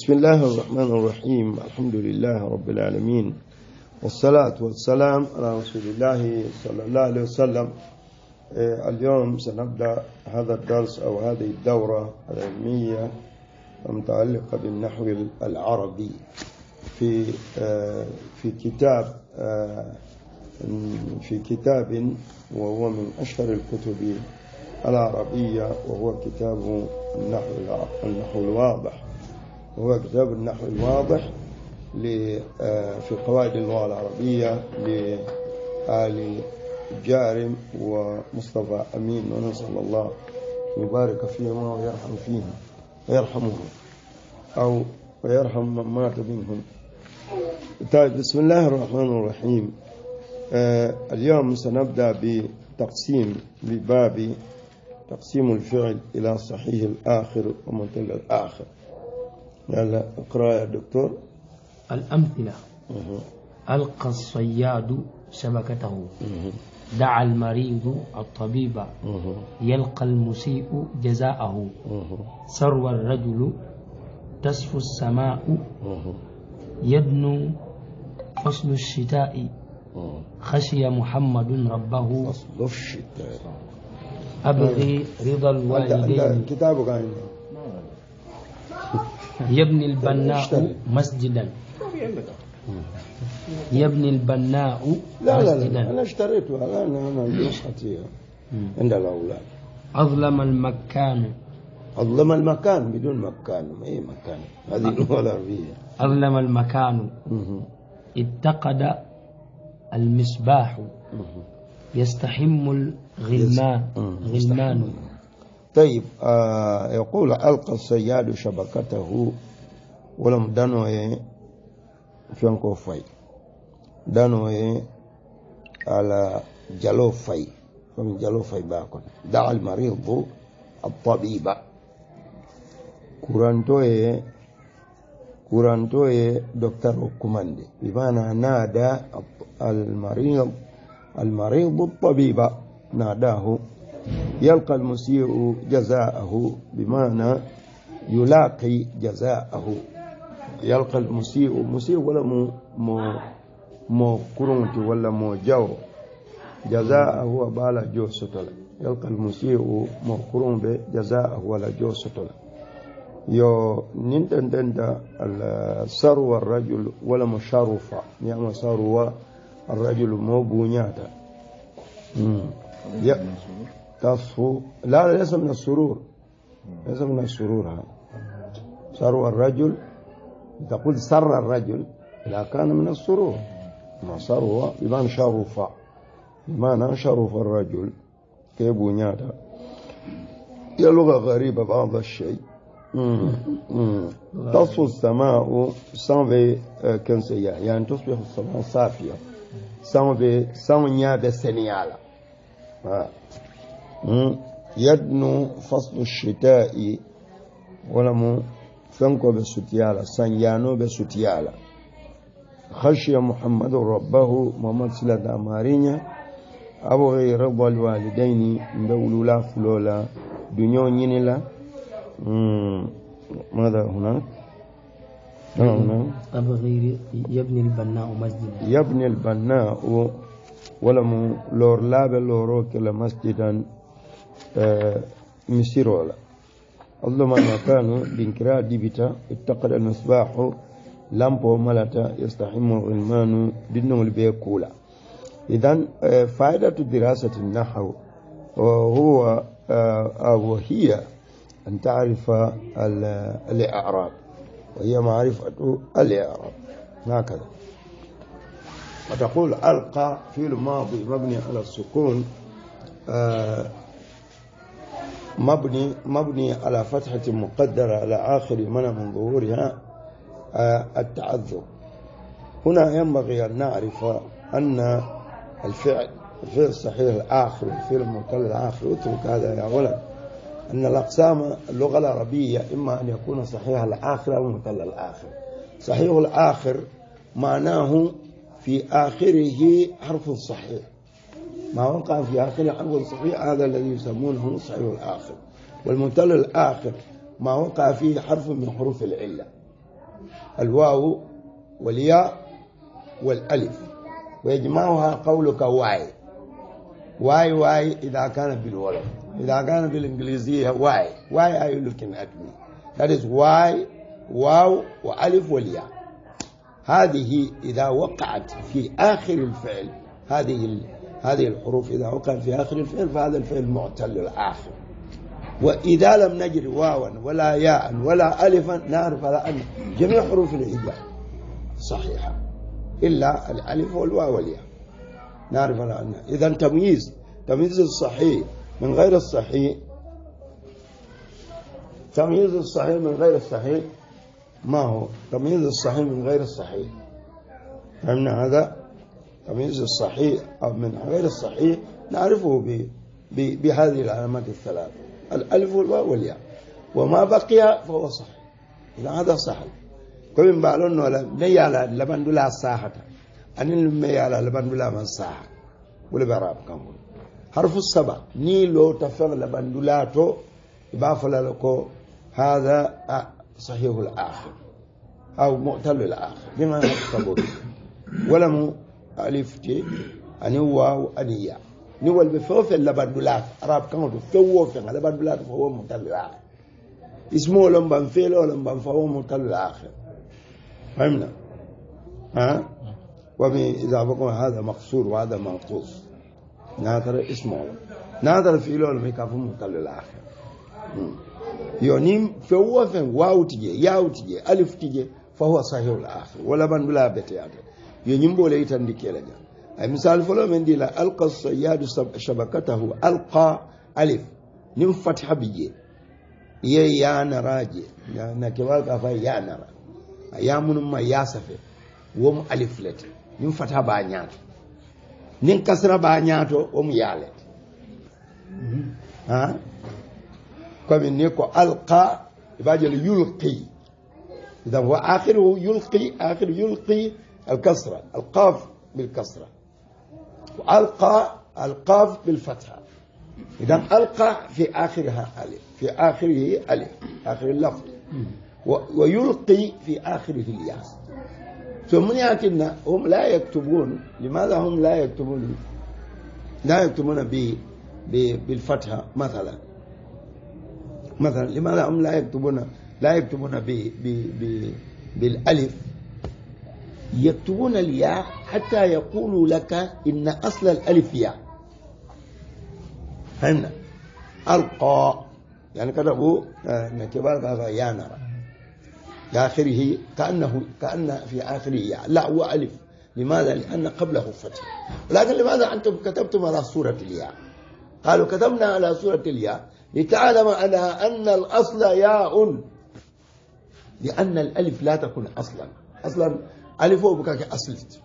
بسم الله الرحمن الرحيم الحمد لله رب العالمين والصلاة والسلام على رسول الله صلى الله عليه وسلم آه، اليوم سنبدأ هذا الدرس أو هذه الدورة العلمية المتعلقة بالنحو العربي في آه، في كتاب آه، في كتاب وهو من أشهر الكتب العربية وهو كتاب النحو النحو الواضح وهو كتاب النحو الواضح آه، في قواعد اللغة العربية لآل جارم ومصطفى أمين ونسأل الله يبارك فيهما ويرحم فيهم ويرحمهم أو ويرحم من مات منهم طيب بسم الله الرحمن الرحيم آه اليوم سنبدأ بتقسيم بباب تقسيم الفعل إلى صحيح الآخر ومنطلق الآخر يلا اقرأ يا دكتور الأمثلة ألقى الصياد سمكته دعا المريض الطبيب يلقى المسيء جزاءه ثروى الرجل تصفو السماء يدنو فصل الشتاء خشي محمد ربه فصل الشتاء أبغي رضا الوالدين كتابك عندي يبني البناء مسجدا يبني البناء لا لا لا أنا اشتريتها الآن أنا نسختي عند الأولاد أظلم المكان أظلم المكان بدون مكان أي مكان هذه اللغة العربية أظلم المكان اتقد المصباح يستحم الغلمان غلمان طيب آه يقول ألقى الصياد شبكته ولم دانوه فينكو فاي دانوه على جلو فاي فمن جلو فاي باكن دعا المريض الطبيب كورانتوه كورانتوه دكتور كوماندي بمعنى نادى المريض المريض الطبيب ناداه يلقى المسيء جزاءه بمعنى يلاقي جزاءه يلقى المسيء مسيء ولا مو مو مو ولا مو جو جزاءه بالا جو ستلا يلقى المسيء مو كرون به جزاءه ولا جو ستلا يو نينتن دندا الثروة الرجل ولا مشرفة نعم ثروة الرجل مو بنياتا تصفو لا ليس من السرور ليس من السرور هذا ثروة الرجل تقول سر الرجل لا كان من السرور ما ثروة بمعنى شرف بمعنى شرف الرجل كيبونيا هذا هي لغة غريبة بعض الشيء تصفو السماء سان في كنسية يعني تصبح السماء صافية سان في سان سانيا سنيالا يدنو فصل الشتاء ولمو فنكو بسوتيالا سانيانو بسوتيالا خشي محمد ربه محمد سلا دامارينيا أبو غير رب الوالدين ندولو لا فلولا دنيو نينيلا ماذا هناك أبو غير يبني البناء مسجدا يبني البناء ولمو لور لا بلورو كلا مسجدا آه، مسيرولا أظلم ما كانوا بانكراء ديبتا اتقد المصباح لامبو ملتا يستحم الغلمان دنو البيكولا إذن آه، فائدة دراسة النحو آه، هو أو هي أن تعرف الإعراب وهي معرفة الإعراب هكذا وتقول ألقى في الماضي مبني على السكون مبني مبني على فتحة مقدرة على آخر منع من ظهورها آه، التعذر هنا ينبغي أن نعرف أن الفعل الفعل الصحيح الآخر الفعل المعتل الآخر اترك هذا يا ولد أن الأقسام اللغة العربية إما أن يكون صحيح الآخر أو المعتل الآخر صحيح الآخر معناه في آخره حرف صحيح ما وقع في آخر حرف صحيح هذا الذي يسمونه الصحيح الآخر والمنتل الآخر ما وقع فيه حرف من حروف العلة الواو والياء والألف ويجمعها قولك واي واي واي إذا كان بالولد إذا كان بالإنجليزية واي واي are you looking at me that is واي واو وألف والياء هذه إذا وقعت في آخر الفعل هذه هذه الحروف إذا وقع في آخر الفعل فهذا الفعل معتل الآخر وإذا لم نجد واوا ولا ياء ولا ألفا نعرف على أن جميع حروف الهجاء صحيحة إلا الألف والواو والياء نعرف على أن إذا تمييز تمييز الصحيح من غير الصحيح تمييز الصحيح من غير الصحيح ما هو تمييز الصحيح من غير الصحيح فهمنا هذا التمييز الصحيح أو من غير الصحيح نعرفه ب بهذه العلامات الثلاث الألف والواو والياء وما بقي فهو صح إذا هذا صحيح كم بالون ولا ميالا لبن دولا ساحة أن المي على لبن دولا من ساحة ولا براب كمون حرف السبع ني لو تفعل لبن دولا تو يبافل لكو هذا صحيح الآخر أو مؤتل الآخر بما يكتبون ولم ألف تي أني واو أني ya ni wal be fo fe عرب كان دو kan في fe wo fe متل الاخر fo wo mutalla في lam ban fe lo lam ban فهمنا ها اذا بكم هذا مقصور وهذا منقوص ناظر اسمه ناظر في له المكافو متل الآخر يونيم فهو في واو تجي ياو تجي ألف تجي فهو صحيح الآخر ولا بن بلا بتياته yo ñimboole yitandikeele ga ay misal folo men ndi la alqa sayadu shabakatahu alqa alif nin fatiha bi je ye yanara je na kebal ka fa yanara ya munum ma ya safe wom alif lete nin fatiha ba ñaato nin kasra ba ñaato wom yaalete hmm. ha komi ni ko alqa ibajel yulqi idan wa akhiru yulqi akhiru yulqi الكسرة القاف بالكسرة وألقى القاف بالفتحة إذا ألقى في آخرها ألف في آخره ألف آخر اللفظ ويلقي في آخره الياء ثم يأتينا هم لا يكتبون لماذا هم لا يكتبون لا يكتبون ب بالفتحة مثلا مثلا لماذا هم لا يكتبون لا يكتبون ب بالألف يكتبون الياء حتى يقولوا لك إن أصل الألف ياء فهمنا ألقى يعني كتبوا من آه، كبار يا نرى آخره كأنه كأن في آخره ياء لا هو ألف لماذا؟ لأن قبله فتح لكن لماذا أنتم كتبتم على صورة الياء قالوا كتبنا على صورة الياء لتعلم على أن الأصل ياء لأن الألف لا تكون أصلا أصلا ألف o bukake aslit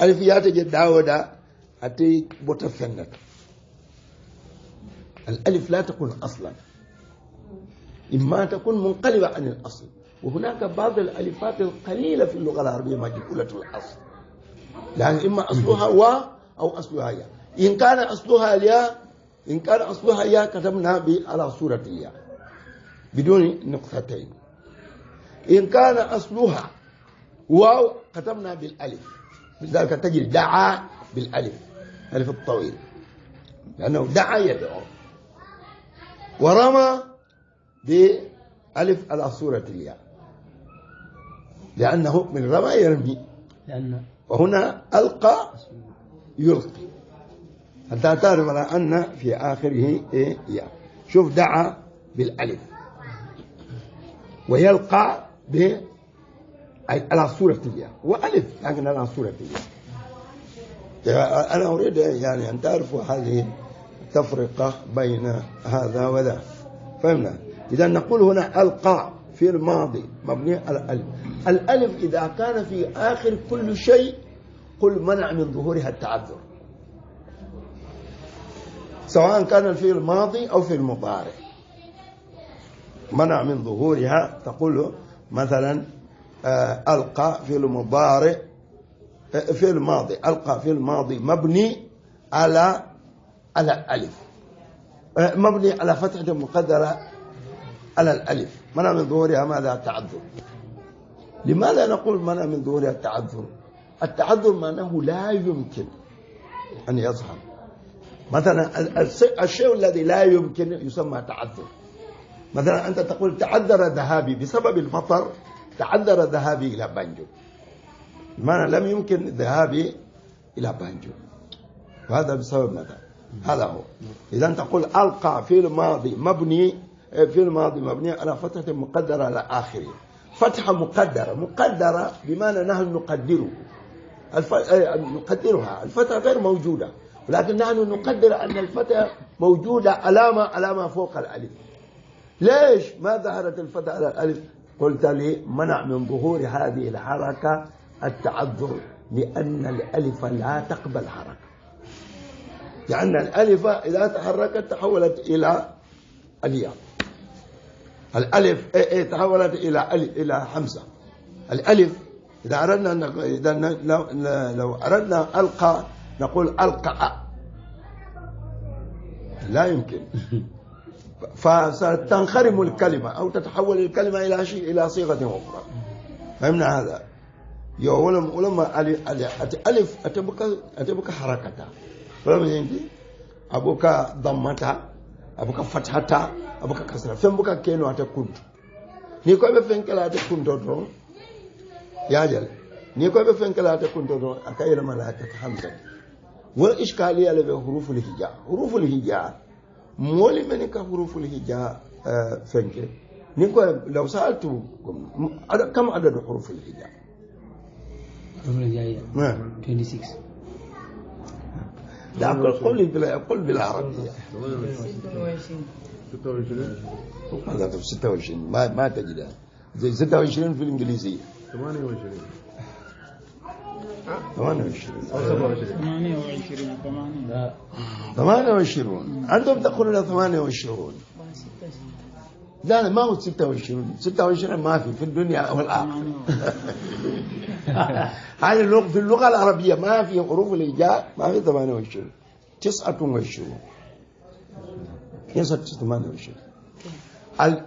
alif yata je dawoda ate bota fendat الألف لا تكون أصلا إما تكون منقلبة عن الأصل وهناك بعض الألفات القليلة في اللغة العربية مجهولة الأصل لأن يعني إما أصلها و أو أصلها يا إن كان أصلها يا إن كان أصلها يا كتبنا على صورة الياء بدون نقطتين إن كان أصلها واو كتبنا بالالف لذلك تجد دعا بالالف الف الطويل لانه دعا يدعو ورمى بألف الأصورة الياء لأنه من رمى يرمي وهنا ألقى يلقي حتى تعرف على أن في آخره إيه ياء شوف دعا بالألف ويلقى أي على صورتي وألف لكن على صورتي أنا أريد يعني أن تعرفوا هذه التفرقة بين هذا وذا فهمنا إذا نقول هنا ألقى في الماضي مبني على الألف الألف إذا كان في آخر كل شيء قل منع من ظهورها التعذر سواء كان في الماضي أو في المضارع منع من ظهورها تقول مثلا آه، ألقى في المضارع آه، في الماضي ألقى في الماضي مبني على على الألف آه، مبني على فتحة مقدرة على الألف منع من ظهورها ماذا تعذر لماذا نقول منع من ظهورها التعذر التعذر معناه لا يمكن أن يظهر مثلا الشيء الذي لا يمكن يسمى تعذر مثلا أنت تقول تعذر ذهابي بسبب المطر تعذر ذهابي إلى بانجو بمعنى لم يمكن ذهابي إلى بانجو وهذا بسبب ماذا هذا هو إذا تقول ألقى في الماضي مبني في الماضي مبني على فتحة مقدرة على آخره فتحة مقدرة مقدرة بمعنى نحن نقدره الف... آه، نقدرها الفتحة غير موجودة ولكن نحن نقدر أن الفتحة موجودة علامة علامة فوق الألف ليش ما ظهرت الفتحة على الألف قلت لي منع من ظهور هذه الحركة التعذر لأن الألف لا تقبل حركة لأن الألف إذا تحركت تحولت إلى الياء الألف إيه إيه تحولت إلى إلى حمزة الألف إذا أردنا أن إذا لو, لو أردنا ألقى نقول ألقى لا يمكن فستنخرم الكلمة أو تتحول الكلمة إلى شيء إلى صيغة أخرى فهمنا هذا يوم ولما ألف أتبقى أتبقى حركتها فهمت أبوك ضمتها أبوك فتحتها أبوك كسرها فين بوك كينو أتكنت نيكو فين كلا أتكنت أدرون يا جل نيكو فين كلا أتكنت درون أكاير ملاكة حمزة والإشكالية لبي حروف الهجاء حروف الهجاء مولي من كفر الهجاء فنك نيكو لو سالتكم كم عدد حروف الهجاء 26 قل بلا قل بالعربية 26 26 ما ما تجدها 26 في الانجليزية 28 28 28 28 عندهم تقول إلى 28 لا ما هو 26 26 ما في في الدنيا الاخره هذه اللغة في اللغة العربية ما في حروف الهجاء ما في 28 29 28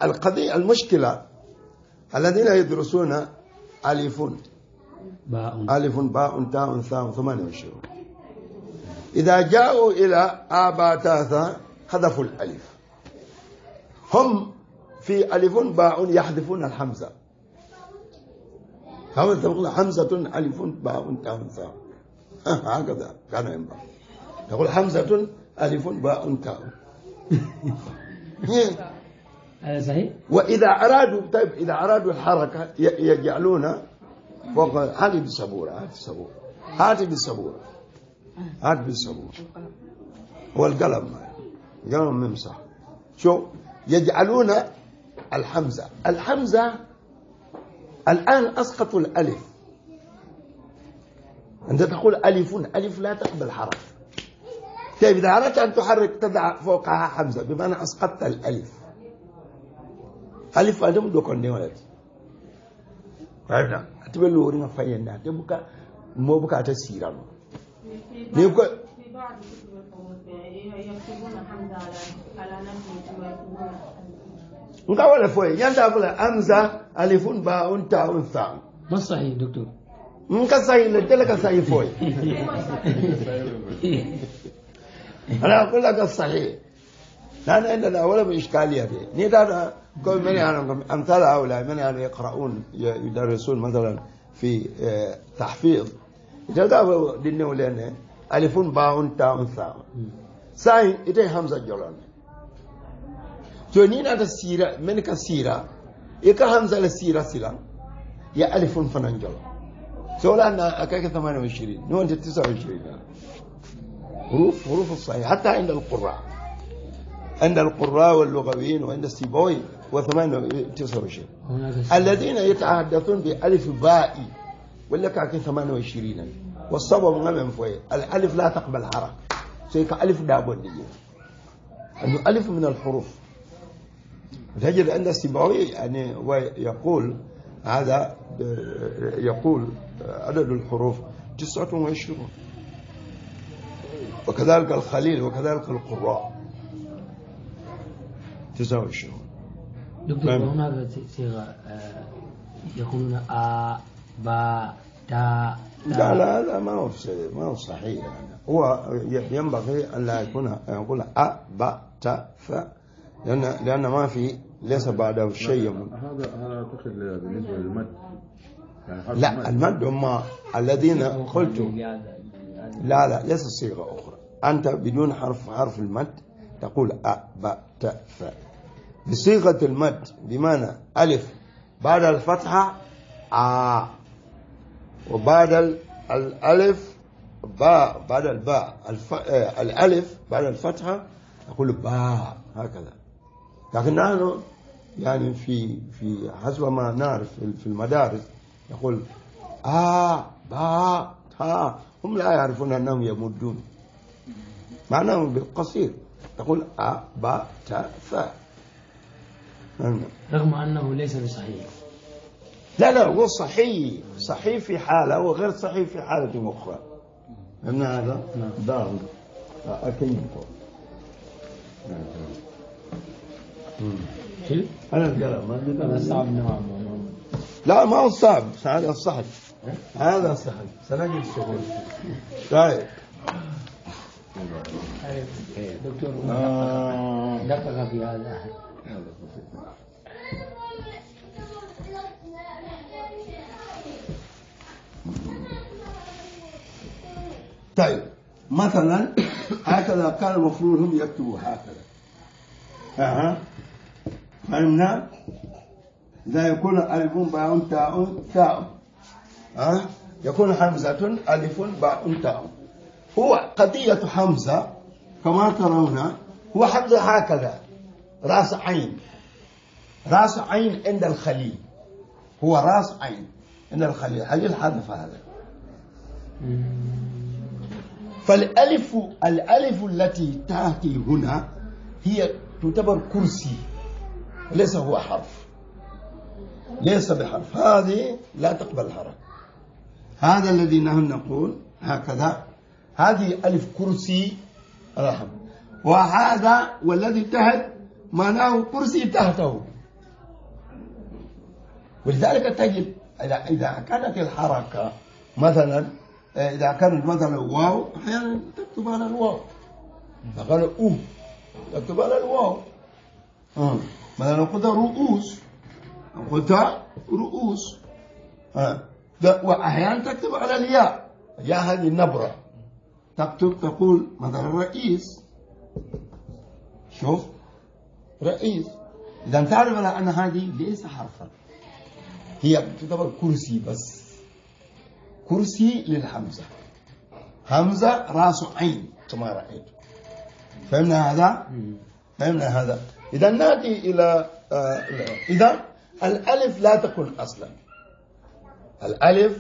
القضية المشكلة الذين يدرسون الفون باء ألف باء تاء ثاء ثمانية وعشرون إذا جاءوا إلى آباء تاء ثاء حذفوا الألف هم في ألف باء يحذفون الحمزة هم تقول حمزة ألف باء تاء ثاء هكذا كان ينبغي تقول حمزة ألف باء تاء هذا صحيح وإذا أرادوا طيب إذا أرادوا الحركة يجعلون فوق هاتي بالسبورة هاتي بالسبورة هاتي بالسبورة هاتي بالسبورة والقلم قلم ممسح شو يجعلون الحمزة الحمزة الآن أسقطوا الألف أنت تقول ألف ألف لا تقبل حرف طيب إذا أردت أن تحرك تضع فوقها حمزة بمعنى أسقطت الألف ألف أدم دوكن دي ولد طيب، نعم. tibe lori nga fayenda te buka mo buka ta sirano ne ko nka wala foye yanda bula amza alifun ba un ta un sa masahi doctor nka sahi le tele ka sahi foye ala kula ka sahi لأن الاول من إشكالية فيه نقدر كل من يعني أمثال هؤلاء من يعني يقرؤون يدرسون مثلا في آه، تحفيظ إذا دعوا دينه لنا ألفون باون تاون ثاون ساين إتي همزة جلون تونين هذا السيرة من كسيرة إيكا همزة للسيرة سلا يا ألفون فنان جلون أنا أكاك 28 نو أنت 29 حروف حروف الصحيح حتى عند القراء أن القراء واللغويين وعند وثمان تسعة وعشرين الذين يتحدثون بألف باء ولا كاكين ثمان وعشرين والصبر من فوي الألف لا تقبل حركة سيك ألف دابون دي أنه ألف من الحروف تجد أن السيبوي يعني ويقول هذا يقول عدد الحروف تسعة وعشرون وكذلك الخليل وكذلك القراء 29 دكتور هناك صيغة آه، يقولون آ با دا لا لا لا ما هو ما هو صحيح يعني هو ينبغي أن لا يكون يقول أ ب ت ف لأن لأن ما في ليس بعده شيء هذا هذا أعتقد بالنسبة للمد يعني لا المد هم الذين قلت لا لا ليس صيغة أخرى أنت بدون حرف حرف المد تقول أ ب ت ف بصيغة المد بمعنى ألف بعد الفتحة آ وبعد الألف باء بعد الباء الف... آه، الألف بعد الفتحة أقول باء هكذا لكن نحن يعني في في حسب ما نعرف في المدارس يقول آ باء تاء هم لا يعرفون أنهم يمدون معناهم بالقصير تقول آ باء تاء ثاء رغم أنه ليس بصحيح لا لا هو صحيح صحيح في حالة وغير صحيح في حالة أخرى فهمنا هذا؟ نعم أكيد حلو؟ أنا الكلام ما صعب نوعا ما لا ما هو صعب هذا صحيح إيه؟ هذا صحيح سنجد الشغل طيب دكتور دقق في هذا طيب مثلا هكذا كان المفروض هم يكتبوا هكذا اها فهمنا لا يكون ألف باء تاء تاء ها أه؟ يكون حمزه ألف باء تاء هو قضية حمزة كما ترون هو حمزة هكذا رأس عين رأس عين عند الخليل هو رأس عين عند الخليل حاجة الحذف هذا فالألف الألف التي تأتي هنا هي تعتبر كرسي ليس هو حرف ليس بحرف هذه لا تقبل حرف هذا الذي نحن نقول هكذا هذه ألف كرسي رحم وهذا والذي انتهت معناه كرسي تحته ولذلك تجد إذا كانت الحركة مثلا إذا كانت مثلا واو أحيانا تكتب على الواو فقالوا أو تكتب على الواو آه. مثلا قلت رؤوس قلت رؤوس آه. وأحيانا تكتب على الياء يا هذه النبرة تكتب تقول مثلا رئيس شوف رئيس إذا تعرف على أن هذه ليس حرفا هي تعتبر كرسي بس كرسي للهمزة همزة راس عين كما رأيت فهمنا هذا؟ فهمنا هذا إذا نأتي إلى آه، إذا الألف لا تكن أصلا الألف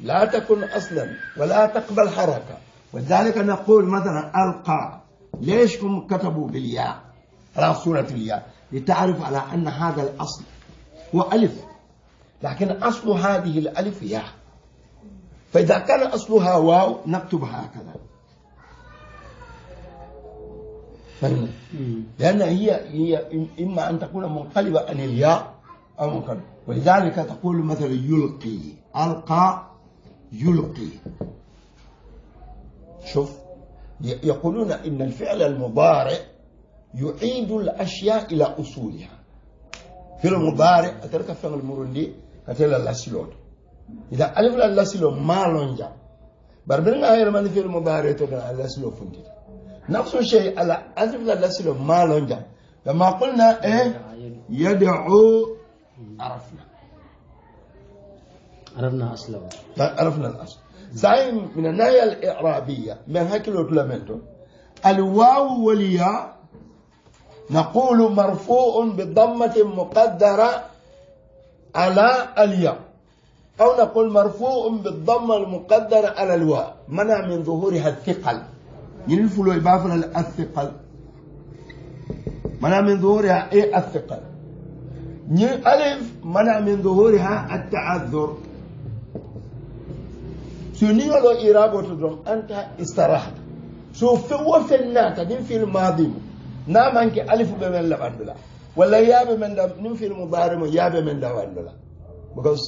لا تكن أصلا ولا تقبل حركة ولذلك نقول مثلا ألقى ليش هم كتبوا بالياء على صورة الياء لتعرف على أن هذا الأصل هو ألف لكن أصل هذه الألف ياء فإذا كان أصلها واو نكتب هكذا فهمت؟ لأن هي هي إما أن تكون منقلبة عن الياء أو منقلبة ولذلك تقول مثلا يلقي ألقى يلقي شوف يقولون إن الفعل المضارع يعيد الأشياء إلى أصولها في المضارع أترك فعل المرندي اترك لاسلون إذا ألف لاسلون ما لونجا بربنا غير من في المضارع تكنا لاسلون فندي نفس الشيء على ألف لاسلون ما لونجا لما قلنا إيه يدعو عرفنا عرفنا أصله عرفنا الأصل زين من الناحية الإعرابية من هكذا تلمنتو الواو والياء نقول مرفوع بالضمة مقدرة على الياء أو نقول مرفوع بالضمة المقدرة على الواء منع من ظهورها الثقل ينفلو يبافل الثقل منع من ظهورها إيه الثقل ألف منع من ظهورها التعذر تنيا لو إيراب وتدرم أنت استراحت شو في وفي الناتا دين في الماضي مو نام أنك ألف بمن لبان دولا ولا يا بمن لب نم في المضارع مو يا بمن لبان دولا بقص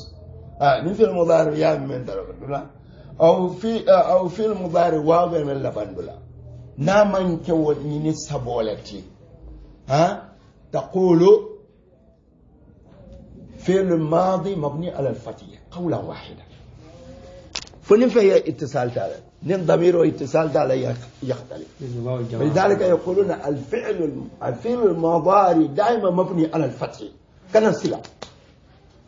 آه نم في المضارع يا بمن لبان دولا آه، أو في آه، أو في المضارع وا بمن لبان دولا نام أنك ودني سبولتي ها تقول في الماضي مبني على الفتية قولا واحدة فلم فهي اتصال تعالى لم ضميره اتصال تعالى يختلف لذلك يقولون الفعل الفعل المضارع دائما مبني على الفتح كنفسها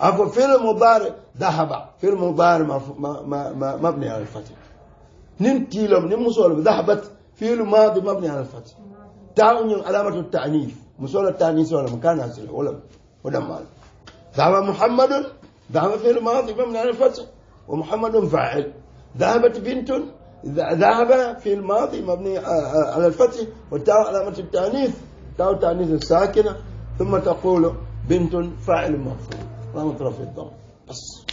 أقول فعل المضارع ذهب فعل المضارع مبني على الفتح نم تيلم نم مصول ذهبت فعل ماضي مبني على الفتح تعني علامة التعنيف مصول التعنيف ولا مكان هذا ولا ولا مال ذهب محمد ذهب فعل ماضي مبني على الفتح ومحمد فاعل ذهبت بنت ذهب في الماضي مبني آه، آه، على الفتح والتاء علامة التأنيث تاء التأنيث الساكنة ثم تقول بنت فاعل مرفوع لا مطرف الضم بس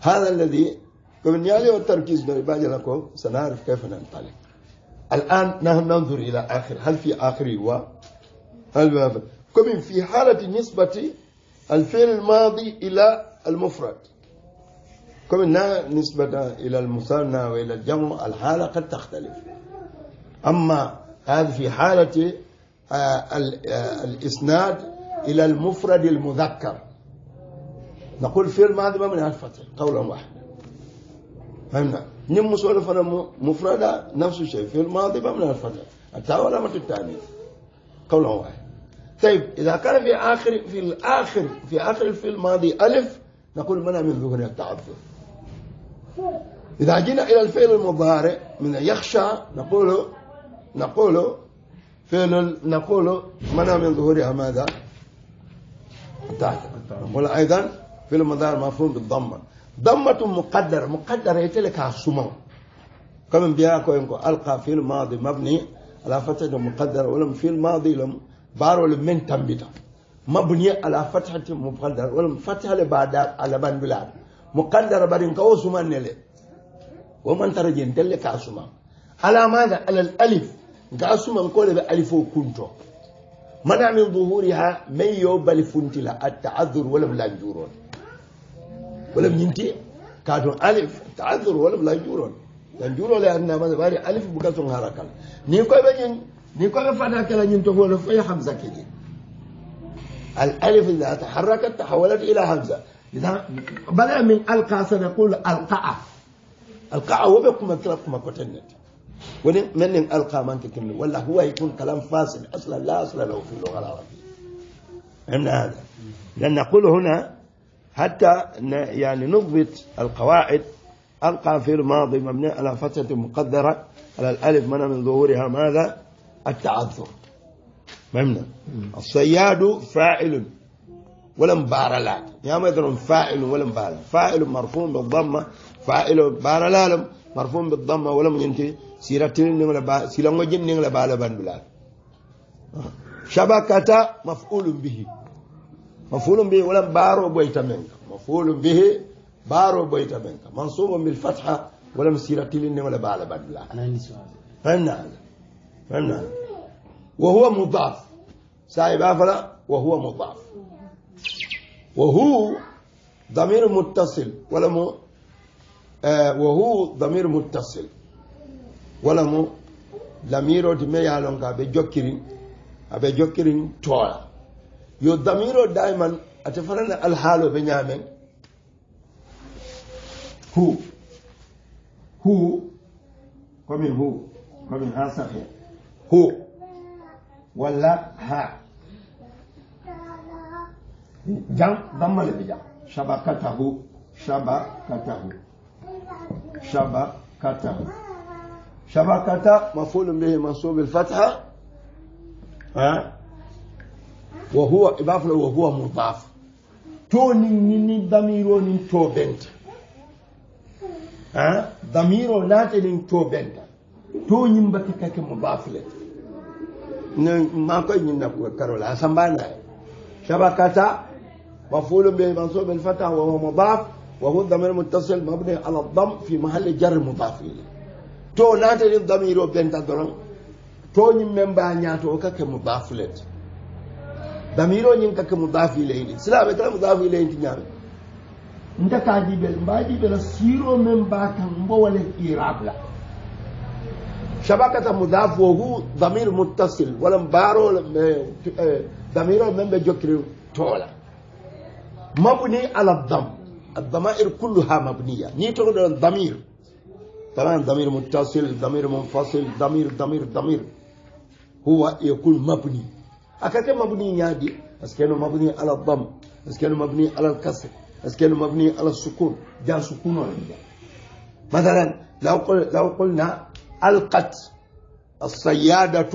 هذا الذي يالي والتركيز باجي لكم سنعرف كيف ننطلق الآن نحن ننظر إلى آخر هل في آخر هو هل في في حالة نسبة الفعل الماضي إلى المفرد إنها نسبة إلى المثنى وإلى الجمع الحالة قد تختلف أما هذا في حالة آه، آه، الإسناد إلى المفرد المذكر نقول في الماضي ما من الفتح قولا واحدا فهمنا نم مسولف مفردة نفس الشيء في الماضي ما من الفتح التاء ما التاني قولا واحدا طيب إذا كان في آخر في الآخر في آخر في الماضي ألف نقول منع من ذهن التعذر إذا جينا إلى الفعل المضارع من يخشى نقول نقول فعل نقول منع من ظهورها ماذا؟ نقول أيضا فعل المضارع مفهوم بالضمة ضمة مقدرة مقدرة يتلك السمو كما بياكو ينكو ألقى في الماضي مبني على فتحة مقدرة ولم في الماضي لم بارو من تنبيتا مبني على فتحة مقدرة ولم فتحة لبعد على بان بلاد مقدر بارين كو سمان نيلي ومن ترجين تلي كاسما على ماذا على الالف كاسما نقول بالالف وكنتو منع من ظهورها من يوبل فنتلا التعذر ولا بلا جورون ولا بنتي كادون الف تعذر ولا بلا جورون جورون لان ما باري الف بكسون حركه ني كو بجين ني كو فدا كلا نين تو ولا في حمزه كده الالف اذا تحركت تحولت الى همزه إذا بدأ من ألقى سنقول ألقى ألقى هو بكم أنتلكم كتنت ولن من ألقى من كتنت ولا هو يكون كلام فاسد أصلا لا أصلا له في اللغة العربية فهمنا هذا لأن نقول هنا حتى يعني نضبط القواعد ألقى في الماضي مبني على فتحة مقدرة على الألف من من ظهورها ماذا؟ التعذر فهمنا الصياد فاعل ولا مبارلات يا مدر فاعل ولا مبارل فاعل مرفوع بالضمة فاعل بارلال مرفوع بالضمة ولا ينتهي سيرتين نغلا با سيلانغو جيم نغلا بالا باندولا شبكة مفعول به مفعول به ولا بارو بويتامنك مفعول به بارو بويتامنك منصوب بالفتحة ولا مسيرتين ولا بالا باندولا فهمنا فهمنا وهو مضاف سايبا فلا وهو مضاف وهو ضمير متصل ولا مو آه وهو ضمير متصل ولا مو ضمير دي ما يالون كا بجوكرين أبجوكرين تولا يو ضمير دائما أتفرن الحال بنيامين هو هو ومن هو ومن ها صحيح هو ولا ها jam damma le be jam shabakatahu shabakatahu shabakatahu shabakata mafulun bihi mansub alfatha ha wa huwa idafa wa huwa mudaf to ni ni damiro ni to benta ha damiro lati ni to benta to nyimba kake mudaf le ne ma ko nyimna ko karola sambana shabakata مفعول به منصوب بالفتح وهو مضاف وهو الضمير المتصل مبني على الضم في محل جر مضاف اليه تو ناتني الضمير وبنت درون تو نيم ممبا نياتو كك مضاف لت ضميرو نيم كك مضاف اليه سلام كلام مضاف اليه انت نيار انت كاجي بل باجي بل سيرو ممبا كان بوله لا شبكة مضاف وهو ضمير متصل ولم بارو اه، ضمير ممبا جوكري تولا مبني على الضم الضمائر كلها مبنية نيتو الضمير طبعا ضمير متصل ضمير منفصل ضمير ضمير ضمير هو يكون مبني أكاك مبني يادي أسكنه مبني على الضم أسكنه مبني على الكسر أسكنه مبني على السكون جاء سكون مثلا لو قل لو قلنا ألقت الصيادة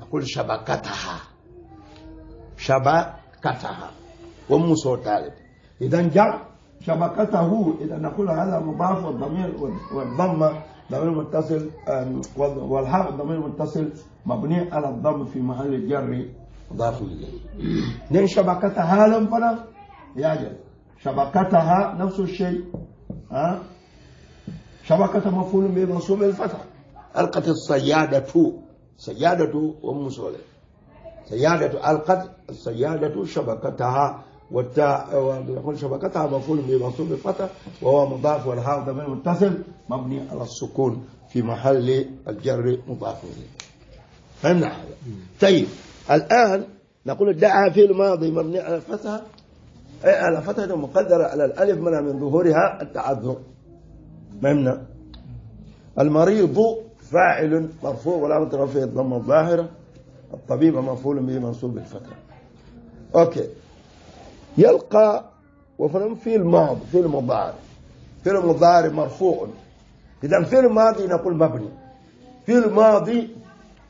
نقول شبكتها شبكتها وموسو طالب إذا جاء شبكته إذا نقول هذا مضاف والضمير والضمة ضمير متصل والحاء ضمير متصل مبني على الضم في محل الجر مضاف إليه. لأن شبكتها لم فلا يعجل شبكتها نفس الشيء ها شبكة مفعول به منصوب الفتح ألقت الصيادة صيادة أم سولة صيادة ألقت الصيادة شبكتها والتاء آه، ويكون شبكتها مفعول به منصوب بالفتح وهو مضاف والهاء ضمير متصل مبني على السكون في محل الجر مضاف اليه. فهمنا هذا؟ طيب الان نقول دعا في الماضي مبني على الفتح اي على فتح مقدره على الالف منع من ظهورها التعذر. فهمنا؟ المريض فاعل مرفوع وعلامة رفعه الضمه الظاهره الطبيب مفعول به منصوب بالفتح. اوكي يلقى وفلم في الماضي في المضارع في المضارع مرفوع إذا في الماضي نقول مبني في الماضي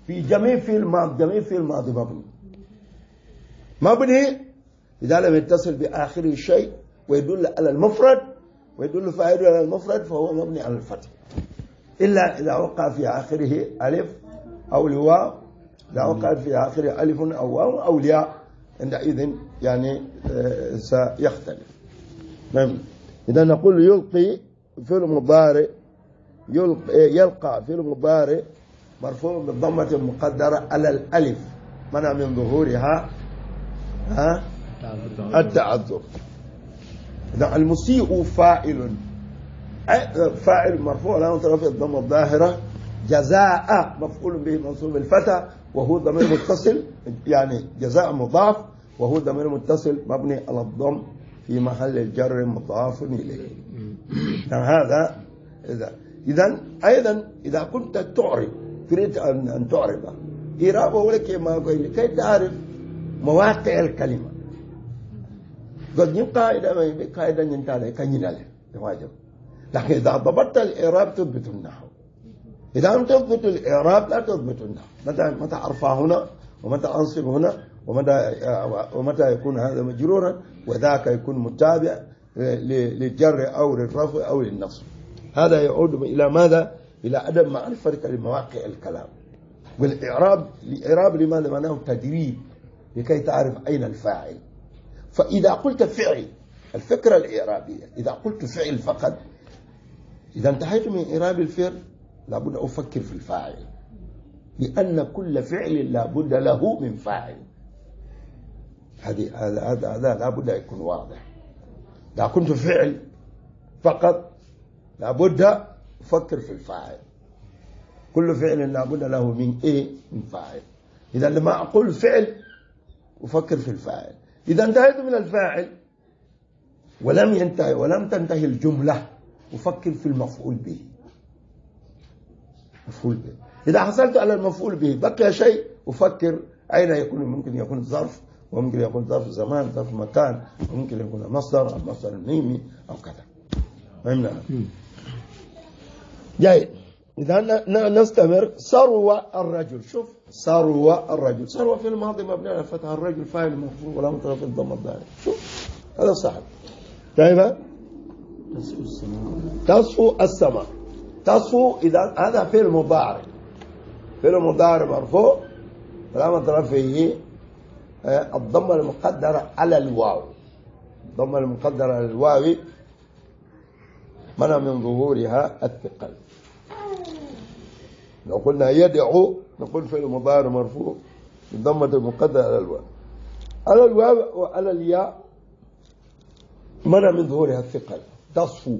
في جميع في الماضي جميع في الماضي مبني مبني إذا لم يتصل بآخره شيء ويدل على المفرد ويدل فاعله على المفرد فهو مبني على الفتح إلا إذا وقع في آخره ألف أو لواء إذا وقع في آخره ألف أو واو أو لياء عندئذ يعني آه، سيختلف نعم. إذا نقول يلقي في المضارع آه، يلقى يلقى في المضارع مرفوع بالضمة المقدرة على الألف منع من ظهورها ها التعذر إذا المسيء فاعل فاعل مرفوع لا في الضمة الظاهرة جزاء مفعول به منصوب الفتى وهو ضمير متصل يعني جزاء مضاف وهو ضمير متصل مبني على الضم في محل الجر مضاف إليه يعني هذا إذا إذا أيضا إذا كنت تعرب تريد أن أن تعرب إعرابه لك كي تعرف مواقع الكلمة قد يبقى إذا اذا انت عليك واجب لكن إذا ضبطت الإعراب تثبت النحو إذا لم تضبط الإعراب لا تثبت النحو متى متى أرفع هنا ومتى أنصب هنا ومتى ومتى يكون هذا مجرورا وذاك يكون متابع للجر أو للرفع أو للنصب هذا يعود إلى ماذا؟ إلى عدم معرفتك لمواقع الكلام والإعراب الإعراب لماذا معناه تدريب لكي تعرف أين الفاعل فإذا قلت فعل الفكرة الإعرابية إذا قلت فعل فقط إذا انتهيت من إعراب الفعل لابد أفكر في الفاعل لأن كل فعل لابد له من فاعل هذه هذا هذا لابد أن يكون واضح إذا كنت فعل فقط لابد أفكر في الفاعل كل فعل لابد له من إيه من فاعل إذا لما أقول فعل أفكر في الفاعل إذا انتهيت من الفاعل ولم ينتهي ولم تنتهي الجملة أفكر في المفعول به مفعول به إذا حصلت على المفعول به بقي شيء أفكر أين يكون ممكن يكون ظرف وممكن يكون ظرف زمان ظرف مكان وممكن يكون مصدر مصدر ميمي أو كذا فهمنا جيد إذا نستمر ثروة الرجل شوف ثروة الرجل ثروة في الماضي مبني على فتح الرجل فاعل مفعول ولا مطلق في الضم الظاهر شوف هذا صاحب طيب تصفو السماء تصفو السماء تصفو إذا هذا فعل مضارع فعل مضارع مرفوع فلا مطلق فيه آه، الضمة المقدرة على الواو الضمة المقدرة على الواو منع من ظهورها الثقل لو قلنا يدعو نقول فعل مضارع مرفوع بالضمة المقدرة على الواو على الواو وعلى الياء منع من ظهورها الثقل تصفو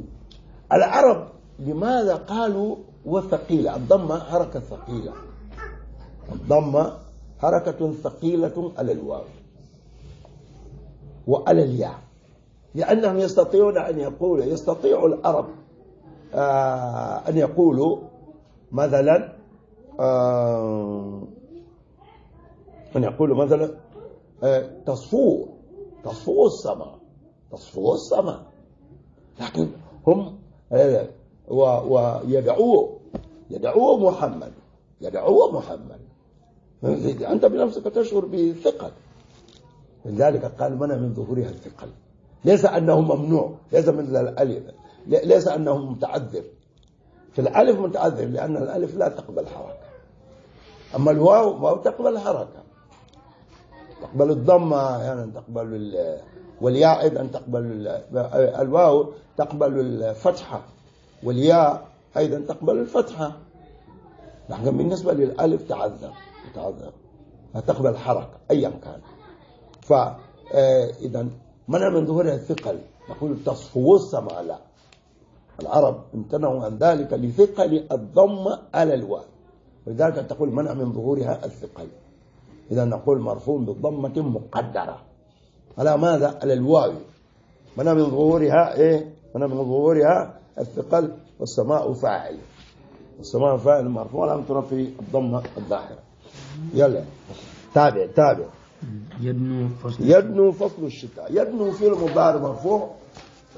العرب لماذا قالوا وثقيلة الضمة حركة ثقيلة الضمة حركة ثقيلة على الواو وعلى الياء لأنهم يستطيعون أن يقولوا يستطيع العرب آه، أن يقولوا مثلا آه، أن يقولوا مثلا آه، تصفو تصفو السماء تصفو السماء لكن هم ويدعوه يدعوه محمد يدعوه محمد أنت بنفسك تشعر بثقل لذلك قال منع من ظهورها الثقل ليس أنه ممنوع ليس مثل الألف ليس أنه متعذر في الألف متعذر لأن الألف لا تقبل حركة أما الواو واو تقبل حركة تقبل الضمة أحيانا يعني تقبل والياء أيضا تقبل الواو تقبل الفتحة والياء أيضا تقبل الفتحة لكن بالنسبة للألف تعذر لا تقبل حركة أيا كان فإذا آه، منع من ظهورها الثقل نقول تصفو السماء لا العرب امتنعوا عن ذلك لثقل الضم على الواو ولذلك تقول منع من ظهورها الثقل إذا نقول مرفوع بالضمة مقدرة على ماذا؟ على الواو منع من ظهورها إيه؟ منع من ظهورها الثقل والسماء فاعل السماء فاعل مرفوع لم ترى في الضمة الظاهرة يلا تابع تابع يدنو فصل يدنو فصل الشتاء يدنو في المضارع مرفوع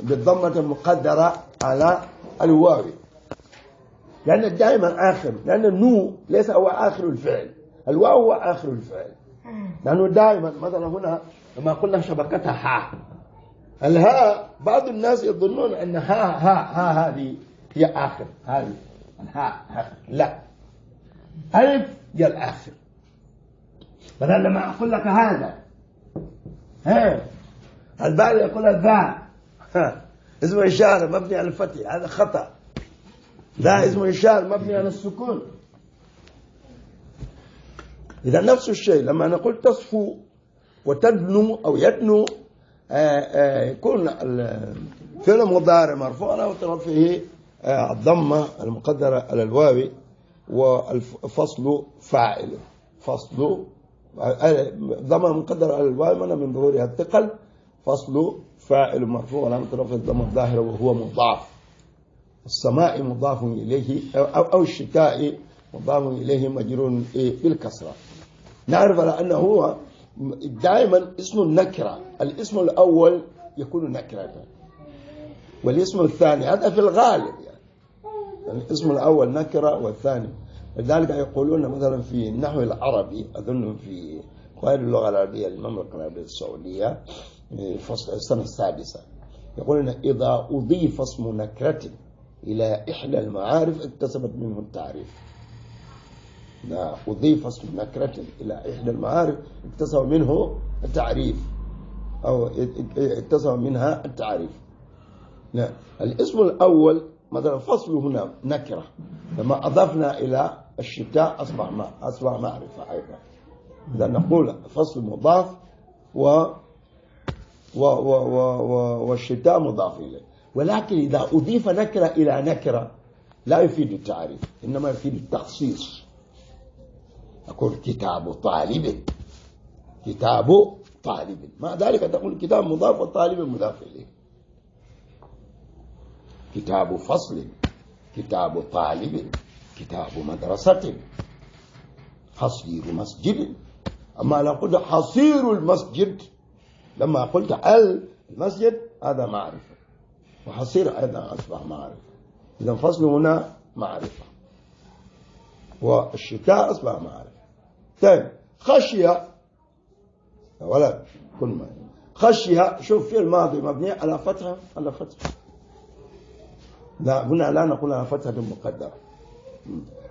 بالضمة المقدرة على الواو لأن دائما آخر لأن النو ليس هو آخر الفعل الواو هو آخر الفعل لأنه دائما مثلا هنا لما قلنا شبكتها ها الهاء بعض الناس يظنون أن ها ها ها هذه هي آخر هذه الهاء لا ألف هي الآخر بدل لما أقول لك هذا ها البعض يقول ذا اسمه إشارة مبني على الفتح هذا خطأ ذا اسمه إشارة مبني على السكون إذا نفس الشيء لما نقول تصفو وتدنو أو يدنو آه، آه، يكون فعل مضارع مرفوع وترى فيه آه، الضمة المقدرة على الواو والفصل فاعل فصل ضمه مقدر على الضامنه من ظهورها الثقل فصل فاعل مرفوع علامة رفع الضم الظاهرة وهو مضاف السماء مضاف إليه أو, أو الشتاء مضاف إليه مجرور إيه؟ بالكسرة نعرف على أنه هو دائما اسم النكرة الاسم الأول يكون نكرة والاسم الثاني هذا في الغالب يعني, يعني الاسم الأول نكرة والثاني لذلك يقولون مثلا في النحو العربي أظن في قواعد اللغة العربية للمملكة العربية السعودية السنة السادسة يقولون إذا أضيف اسم نكرة إلى إحدى المعارف اكتسبت منه التعريف إذا أضيف اسم نكرة إلى إحدى المعارف اكتسب منه التعريف أو اكتسب منها التعريف نعم الاسم الأول مثلا فصل هنا نكرة لما أضفنا إلى الشتاء أصبح ما أصبح معرفة أيضا إذا نقول فصل مضاف و و و و و والشتاء مضاف إليه ولكن إذا أضيف نكرة إلى نكرة لا يفيد التعريف إنما يفيد التخصيص أقول كتاب طالب كتاب طالب مع ذلك تقول كتاب مضاف وطالب مضاف إليه كتاب فصل كتاب طالب كتاب مدرسة حصير مسجد أما لو قلت حصير المسجد لما قلت ال المسجد هذا معرفة وحصير أيضا أصبح معرفة إذا فصل هنا معرفة والشتاء أصبح معرفة طيب خشية ولا كل ما خشية شوف في الماضي مبني على فتحة على فتحة لا هنا لا نقول على فتحة مقدرة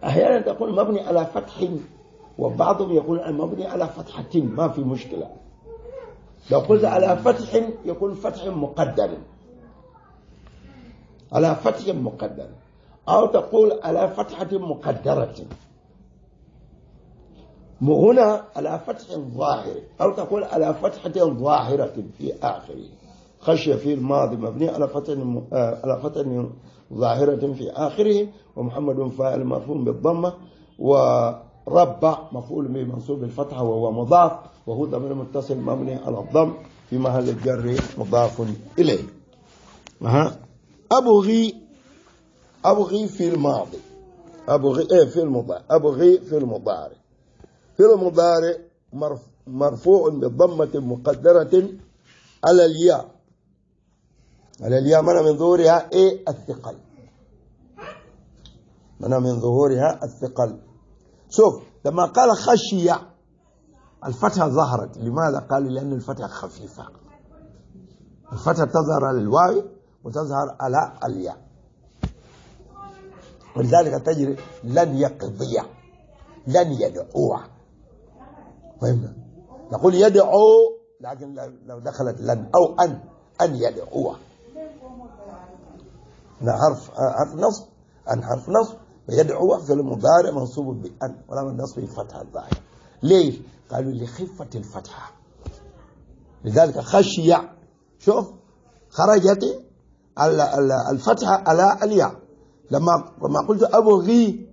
أحيانا تقول مبني على فتح وبعضهم يقول مبني على فتحة ما في مشكلة لو قلت على فتح يكون فتح مقدر على فتح مقدر أو تقول على فتحة مقدرة هنا على فتح ظاهر أو تقول على فتحة ظاهرة في آخره خشية في الماضي مبني على فتح آه، على فتح ظاهرة في آخره ومحمد فاعل مرفوع بالضمة وربع مفعول به منصوب الفتحة وهو مضاف وهو ضمير متصل مبني على الضم في محل الجر مضاف إليه أه. أبغي أبغي في الماضي أبغي إيه في المضارع أبغي في المضارع في المضارع مرفوع بضمة مقدرة على الياء قال الياء منع من ظهورها ايه الثقل من من ظهورها الثقل شوف لما قال خشية الفتحة ظهرت لماذا قال لأن الفتحة خفيفة الفتحة تظهر على الواو وتظهر على الياء ولذلك تجري لن يقضي لن يدعو فهمنا نقول يدعو لكن لو دخلت لن أو أن أن يدعوه ان حرف آه، حرف نصب عن حرف نصب فيدعو فعل المضارع منصوب بأن ولام النصب الفتحة الظاهرة ليش؟ قالوا لخفة الفتحة لذلك خشية شوف خرجت الفتحة على الياء لما لما قلت أبغي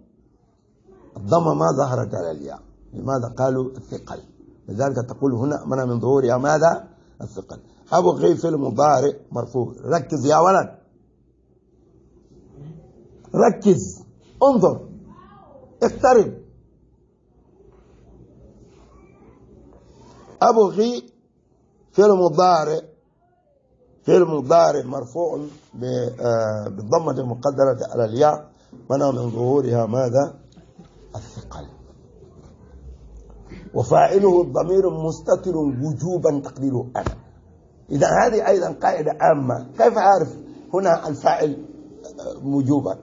الضمة ما ظهرت على الياء لماذا قالوا الثقل لذلك تقول هنا منع من ظهورها ماذا الثقل أبغي في المضارع مرفوع ركز يا ولد ركز انظر اقترب أبغي فعل مضارع فعل مضارع مرفوع آه، بالضمة المقدرة على الياء منع من ظهورها ماذا؟ الثقل وفاعله الضمير مستتر وجوبا تقديره أنا إذا هذه أيضا قاعدة عامة كيف أعرف هنا الفاعل آه، وجوبا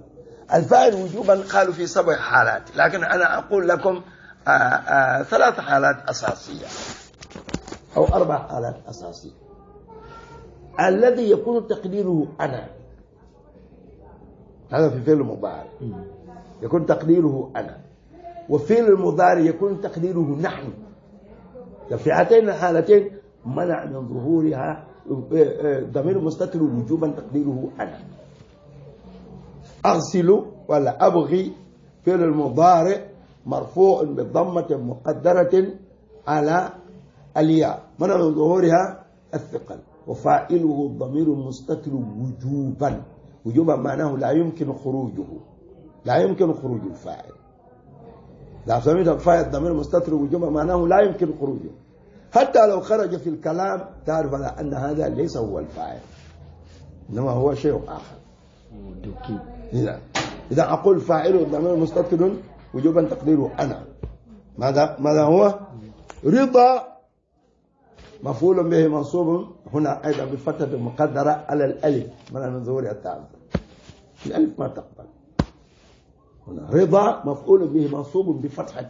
الفاعل وجوبا قالوا في سبع حالات لكن أنا أقول لكم آه، آه، ثلاث حالات أساسية أو أربع حالات أساسية الذي يكون تقديره أنا هذا في فعل المضارع يكون تقديره أنا وفعل المضارع يكون تقديره نحن ففي هاتين الحالتين منع من ظهورها آه، ضمير مستتر وجوبا تقديره أنا أغسل ولا أبغي فعل المضارع مرفوع بضمة مقدرة على الياء منع ظهورها الثقل وفاعله الضمير المستتر وجوبا وجوبا معناه لا يمكن خروجه لا يمكن خروج الفاعل لا سميت الفاعل الضمير المستتر وجوبا معناه لا يمكن خروجه حتى لو خرج في الكلام تعرف على أن هذا ليس هو الفاعل إنما هو شيء آخر oh, إذا إذا أقول فاعله ضمير مستتر وجوبا تقديره أنا ماذا ماذا هو؟ رضا مفعول به منصوب هنا أيضا بفتحة مقدرة على الألف من ظهور التعب الألف ما تقبل هنا رضا مفعول به منصوب بفتحة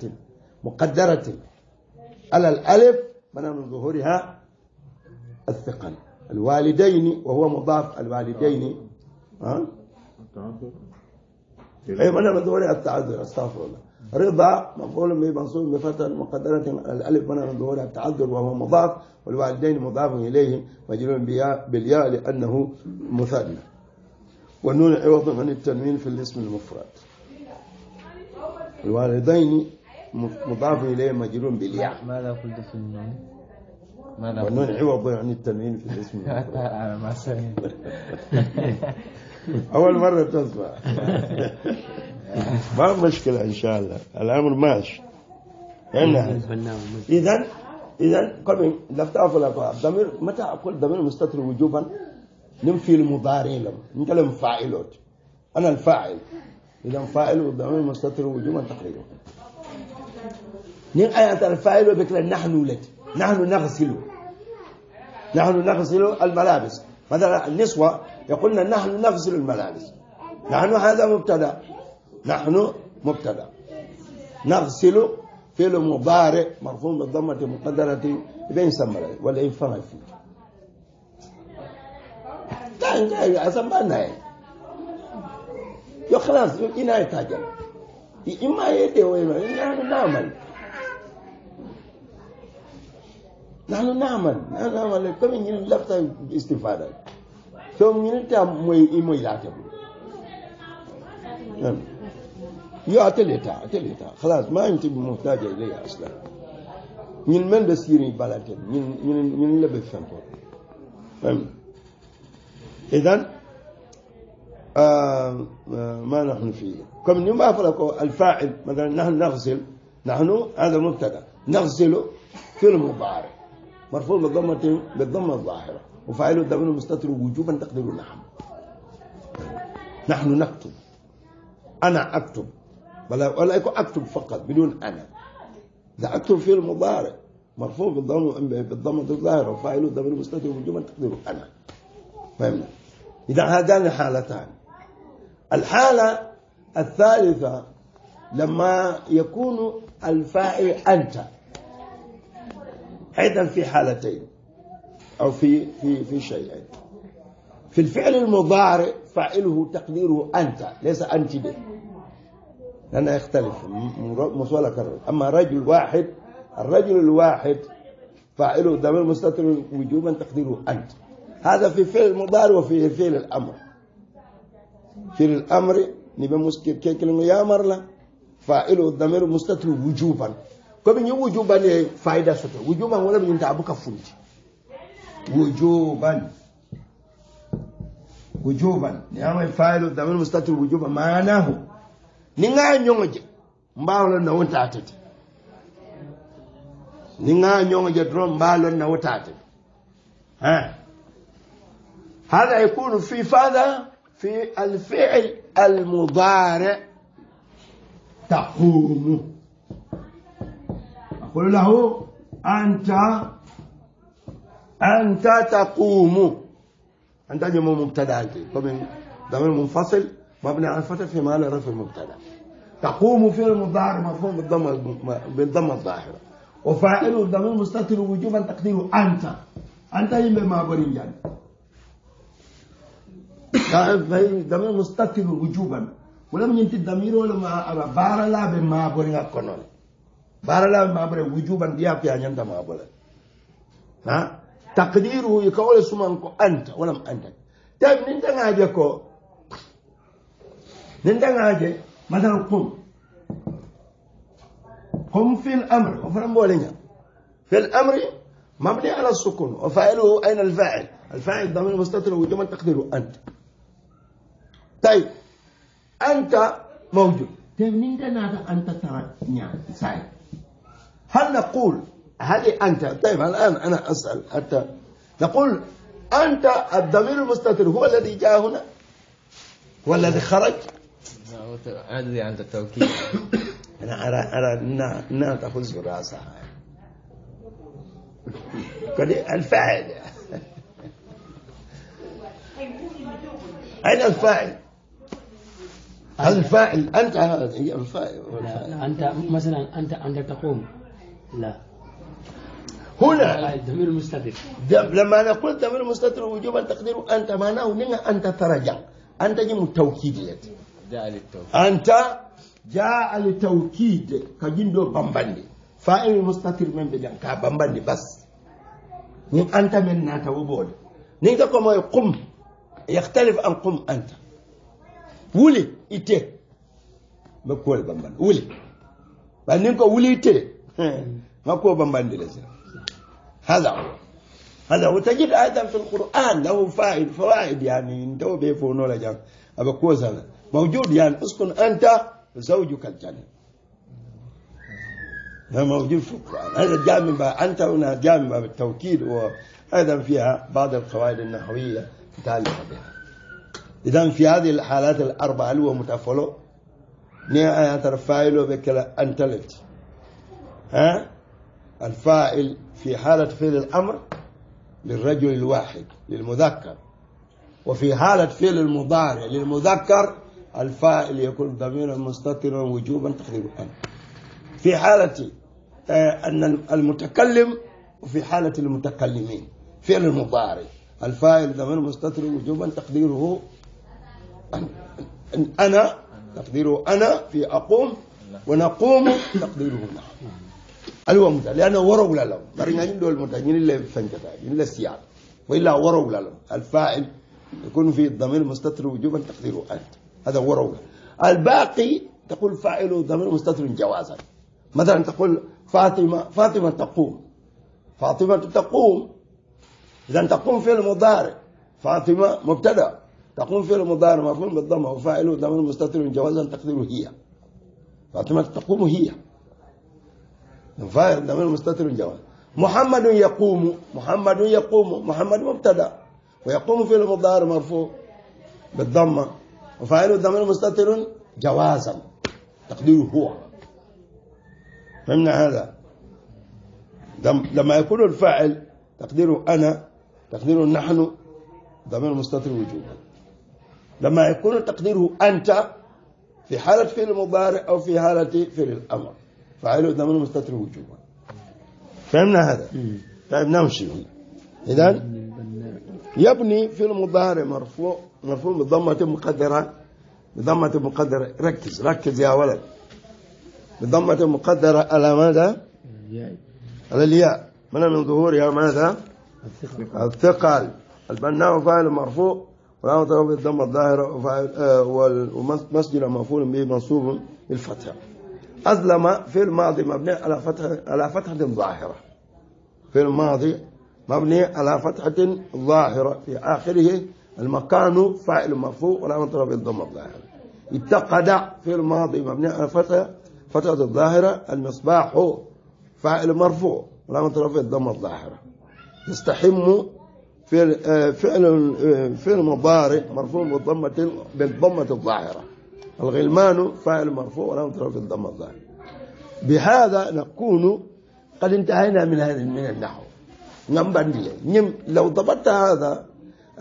مقدرة على الألف من ظهورها الثقل الوالدين وهو مضاف الوالدين ها أه؟ ايوه انا بدور التعذر استغفر الله رضا مفعول به منصوب بفتح مقدرة الالف منع من ظهورها التعذر وهو مضاف والوالدين مضاف اليه مجرور بالياء لانه مثنى والنون عوض عن التنوين في الاسم المفرد الوالدين مضاف اليه مجرور بالياء ماذا قلت في النون؟ ماذا والنون عوض عن التنوين في الاسم المفرد ما أول مرة تطلع ما مشكلة إن شاء الله الأمر ماشي هنا إذا إذا قبل لا تعرف ضمير متى أقول ضمير مستتر وجوبا نمشي المضارع لهم نتكلم فاعلات أنا الفاعل إذا فاعل والضمير مستتر وجوبا تقريبا نين نعم، آية الفاعل بكرة نحن ولد نحن نغسل نحن نغسل الملابس مثلا النسوة يقولنا نحن نغزل الملابس نحن هذا مبتدا نحن مبتدا نغسل فعل مضارع مرفوع بالضمة المقدرة بين سمى والعين فما فيك كان طيب، طيب، جاي عزم ما يو خلاص يو كنا يتاجر إما يدي وإما نحن نعمل نحن نعمل نحن نعمل كم يجي لفتة طيب استفادة fewnginta moy imoylate يعطي الإتاء يعطي الإتاء خلاص ما أنت محتاجة إليه أصلا من من بسيري بلاتين من من من اللي بفهمتون فهم اذا آه،, آه ما نحن فيه كم يوم أفرقوا الفاعل مثلا نحن نغسل نحن هذا مبتدا نغسل في المضارع مرفوع بالضمة بالضمة الظاهرة وفاعل الضمير المستتر وجوبا تقدير نعم نحن نكتب أنا أكتب ولا ولا أكتب فقط بدون أنا إذا أكتب في المضارع مرفوع بالضم بالضم الظاهر وفاعله الضمير المستتر وجوبا تقدير أنا فهمنا إذا هذان حالتان الحالة الثالثة لما يكون الفاعل أنت أيضا في حالتين أو في في في شيئين في الفعل المضارع فاعله تقديره أنت ليس أنت به لأنه يختلف مصولة كرر أما رجل واحد الرجل الواحد فاعله ضمير مستتر وجوبا تقديره أنت هذا في فعل المضارع وفي فعل الأمر فعل الأمر نبي مسكب كلمة يا مرلا فاعله الضمير مستتر وجوبا كم وجوبا فائدة سوته وجوبا ولا بك فوجي وجوبا وجوبا نعم الفاعل الضمير المستتر وجوبا معناه نغانيونجه mbalo na wutatete نغانيونجه درون mbalo na wutatete ها هذا يكون في فاذا في الفعل المضارع تقوم أقول له أنت أنت تقوم أنت جمع مبتدا أنت ضمير منفصل مبني على الفتح في مال رفع المبتدا تقوم في المضارع مفهوم بالضم بالضم الظاهرة وفاعله الضمير مستتر وجوبا تقديره أنت أنت يم ما بريم يعني نعم، الضمير مستتر وجوبا ولم ينت الضمير ولا ما بارا لا بما بريم كنول بارا لا بما بريم وجوبا ديا في يعني أنت ما بريم نعم؟ ها تقديره يقول سمانكو أنت ولم أنت تاب طيب، ننتن هاجة كو ننتن هاجة مثلا قم قم في الأمر وفرم بولينا في الأمر مبني على السكون وفاعله أين الفاعل الفاعل ضمير مستتر ويتم تقديره أنت طيب أنت موجود تاب طيب، ننتن هذا أنت سعيد نعم، هل نقول هذه أنت طيب الآن أنا أسأل حتى نقول أنت الضمير المستتر هو الذي جاء هنا هو الذي خرج أدري عند التوكيد أنا أرى أرى ان تخز رأسها الفاعل أين الفاعل؟ الفاعل أنت الفاعل أنت مثلا أنت أنت تقوم لا هنا آه، الضمير المستتر لما نقول ضمير مستتر وجوبا تقديره أنت معناه نينا أنت ترجع أنت جم التوكيد جاء للتوكيد أنت جاء للتوكيد كجندو بمبني فاعل مستتر من بدن كبمبني بس أنت من أنت وبول نيجا كما يقوم يختلف عن قم أنت wuli ite ba kuwal bamban wuli ba nin ko wuli ite ماكو بمبندل هذا هو هذا تجد ايضا في القران له فائد فوائد يعني انت بيفونو لجان ابو كوزنا موجود يعني اسكن انت زوجك الجنه هذا موجود في القران هذا جانب انت هنا جانب و وايضا فيها بعض القواعد النحويه متعلقه بها اذا في هذه الحالات الاربعه اللي هو متفعله نيا ترفايلو بكلا انتلت ها الفاعل في حالة فعل الأمر للرجل الواحد للمذكر وفي حالة فعل المضارع للمذكر الفاعل يكون ضميرا مستترا وجوبا تقريبا في حالة آه، أن المتكلم وفي حالة المتكلمين فعل المضارع الفاعل ضمير مستتر وجوبا تقديره أنا تقديره أنا في أقوم ونقوم تقديره نحن aliwa muta liana waro wula lam bari ngani dol muta ñini le fenkata ñini le siyal وإلا وراء ولا لا الفاعل يكون في الضمير مستتر وجوبا تقديره أنت هذا وراء الباقي تقول فاعل ضمير مستتر جوازا مثلا تقول فاطمة فاطمة تقوم فاطمة تقوم إذا تقوم في المضارع فاطمة مبتدأ تقوم في المضارع مفهوم بالضمة وفاعله ضمير مستتر جوازا تقديره هي فاطمة تقوم هي فاعل ضمير مستتر جواب محمد يقوم محمد يقوم محمد مبتدا ويقوم في المضارع مرفوع بالضمه وفاعل الضمير مستتر جوازا تقديره هو فهمنا هذا لما يكون الفاعل تقديره انا تقديره نحن ضمير مستتر وجوبا لما يكون تقديره انت في حاله فعل المضارع او في حاله فعل الامر فعلوا ثمن مستتر وجوبا فهمنا هذا طيب نمشي إذا يبني في المضارع مرفوع مرفوع بضمة مقدرة بضمة مقدرة ركز ركز يا ولد بضمة مقدرة على ماذا؟ على الياء من من ظهورها ماذا؟ الثقل البناء فاعل مرفوع والأمر بالضمة الظاهرة ومسجد آه، مفعول به منصوب بالفتح أظلم في الماضي مبني على فتحة على فتحة ظاهرة في الماضي مبني على فتحة ظاهرة في آخره المكان فاعل مرفوع ولا مطلب الضم الظاهر اتقد في الماضي مبني على فتحة فتحة الظاهرة المصباح فاعل مرفوع ولا مطلب الضم الظاهرة يستحم آه، فعل آه، فعل في مضارع مرفوع بالضمة بالضمة الظاهرة الغلمان فاعل مرفوع ولام في الضم الظاهر بهذا نكون قد انتهينا من هذا من النحو نم نعم، لو ضبطت هذا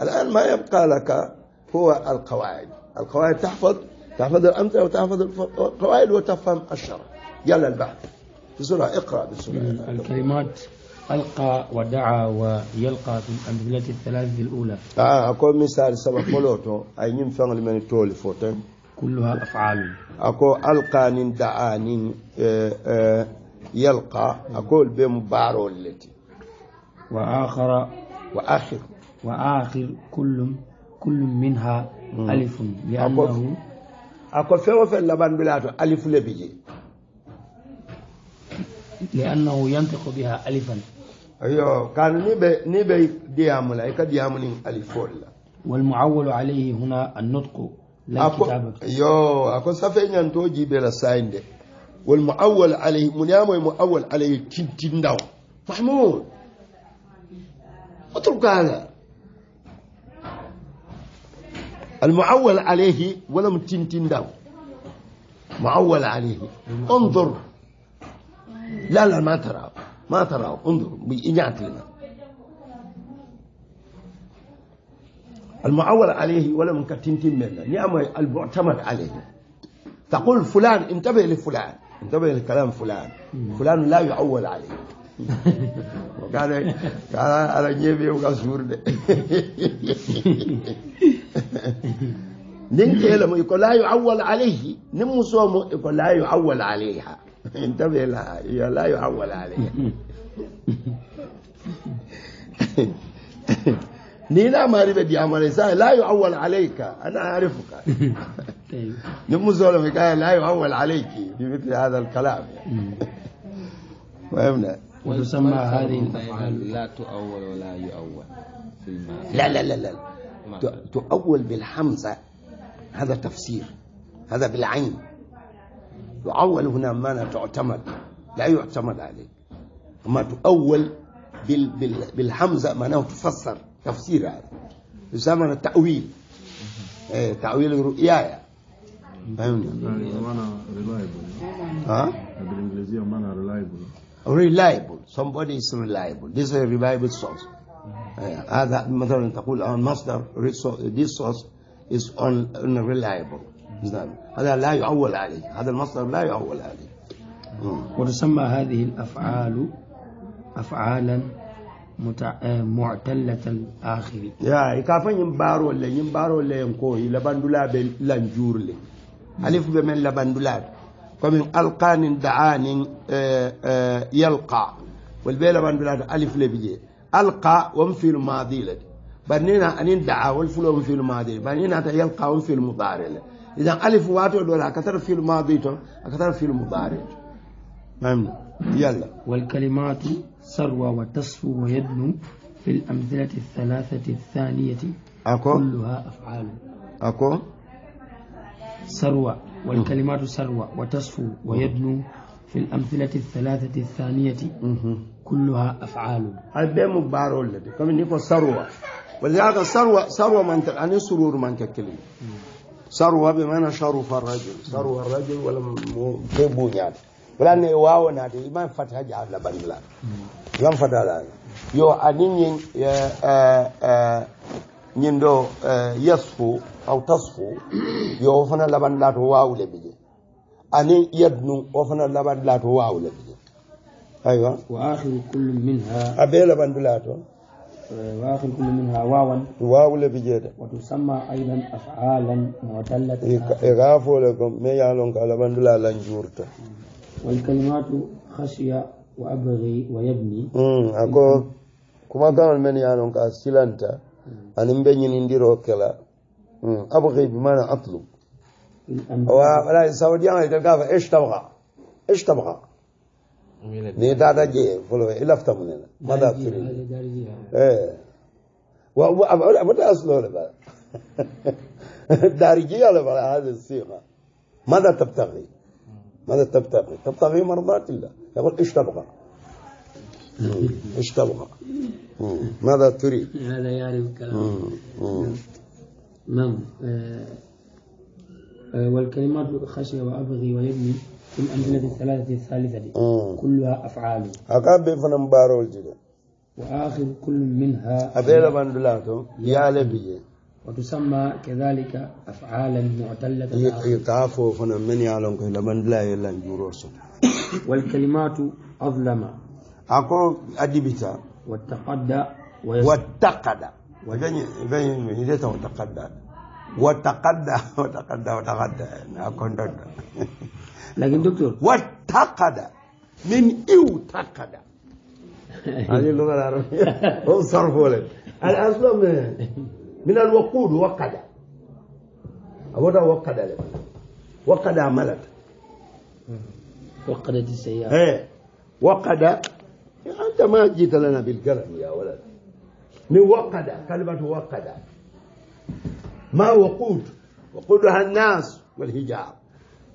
الآن ما يبقى لك هو القواعد القواعد تحفظ تحفظ الأمثلة وتحفظ القواعد وتفهم الشرع يلا البحث بسرعة اقرأ بسرعة نعم، الكلمات ألقى ودعا ويلقى في الأمثلة الثلاثة الأولى آه أقول مثال سبق فلوتو أي نم فعل من تولي فوتين كلها الأفعال أكو ألقى نين دعان آه، آه، يلقى أقول بمبارو التي وآخر وآخر وآخر كل كل منها مم. ألف لأنه أكو فيو في اللبن بلاتو ألف لبي لأنه ينطق بها ألفا أيوه كان نبي نبي ديامولا إيكا ديامولين ألف والمعول عليه هنا النطق yo ako safe ñantoji ɓela sayde wol mo awwal alayhi mo ñamoye mo awwal alayhi tintindaw mahmoud اترك هذا المعول عليه ولم تنتن داو معول عليه انظر لا لا ما تراه ما تراه انظر بإجعت لنا المعول عليه ولا من كتنتين منه نعم المعتمد عليه تقول فلان انتبه لفلان انتبه لكلام فلان فلان لا يعول عليه وكان كان على جيبي وكسور ده ننتهي لما يقول لا يعول عليه نمسوم يقول لا يعول عليها انتبه لها هي لا يعول عليها نينا معرفة دي عمل إنسان لا يعول عليك أنا أعرفك طيب. نمو زولم لا يعول عليك بمثل هذا الكلام فهمنا وتسمى هذه الأفعال لا تؤول ولا يؤول لا لا لا لا تؤول بالحمزة هذا تفسير هذا بالعين يعول هنا معنى تعتمد لا يعتمد عليه أما تؤول بالحمزة معناه تفسر تفسير هذا يسمى التأويل ايه تأويل الرؤيا يعني فهمني ها بالانجليزيه معنى reliable reliable somebody is reliable this is a reliable source إيه، هذا مثلا تقول عن مصدر this source is unreliable هذا لا يعول عليه هذا المصدر لا يعول عليه وتسمى هذه الأفعال أفعالا آه، معتلة الآخر يا إكافن يمبارو لي يمبارو لي يمكوه لبندولا بلانجور لي ألف بمن لبندولا كمن ألقان دعان آه، آه، يلقى والبيل لبندولا ألف لبيجي ألقى وم في الماضي لك بنينا أن يدعى والفلوم في الماضي بنينا تيلقى وم في المضارع إذا ألف واتو دولا كثر في الماضي أكثر في المضارع فهمنا يلا والكلمات ثروة وتصفو ويدنو في الأمثلة الثلاثة الثانية أكو كلها أفعال أكو ثروة والكلمات ثروة وتصفو ويدنو في الأمثلة الثلاثة الثانية كلها أفعال هذا مبارو لدي كم نيكو ثروة ولذلك ثروة ثروة من أنا سرور من كلمة ثروة بمعنى شرف الرجل ثروة الرجل ولا مو يعني walane wawo naate imam fataha ja alla bandila imam fataha lana yo anin ñin ɗo yasfu au tasfu yo o fana laɓanɗa to wawle ɓe je anin yadnu o fana laɓanɗa to wawle ɓe je aywa abe ɓe laɓandula to واخر كل منها واوا واو لبجيدا وتسمى ايضا افعالا معتله اغافو لكم ما يعلن على بندلا لنجورتا والكلمات خشية وأبغي ويبني أمم أكو كما كان من يعلم كاسيلانتا أن يبني نديرو كلا أمم أبغي بمعنى أطلب ولا السعودية تلقى إيش تبغى إيش تبغى ni dada فلو إلا فتمنا ماذا تريد إيه وأبو أبو أبو تأصله لبا دارجية لبا هذا السيرة ماذا تبتغي ماذا تبتغي تبتغي مرضات الله يقول ايش تبغى ايش تبغى ماذا تريد هذا يعرف كلام نعم آه، آه، والكلمات خشية وأبغي ويبني في الأمثلة الثلاثة الثالثة دي. كلها أفعال أقام فنم مبارو وآخر كل منها أبيلا بلاتو يا لبيه وتسمى كذلك أفعالا معتلة يتعافوا إيه، إيه، فنا يعلم كهلا من لا يلان جروس والكلمات أظلم أكو أدبتا والتقدى والتقدى وجن بين هديته وتقدى وتقدى وتقدى وتقدى أكون لكن دكتور وتقدى من إيو تقدى هذه اللغة العربية هم صرفوا لك الأصل من من الوقود وقد أبدا وقد لك وقد عملت وقدت السيارة ايه وقد أنت ما جيت لنا بالقلم يا ولد من وقد كلمة وقد ما وقود وقودها الناس والحجاب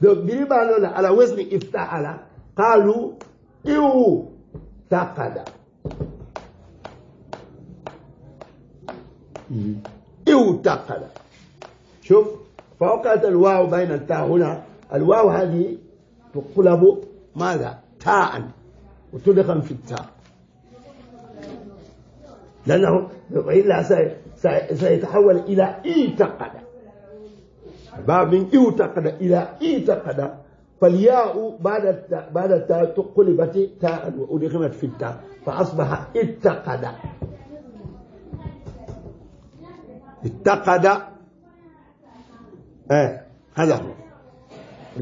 لو بريبا على وزن افتعل قالوا إيو تقد hmm ولو تاء شوف فوقعت الواو بين التاء هنا الواو هذه تقلب ماذا تاء وتدخل في التاء لأنه إلا سيتحول إلى إيتقد باب من إيتقد إلى إيتقد فالياء بعد التاء بعد التاء قلبت تاء وأدخلت في التاء فأصبح اتقد اتقد ايه هذا هو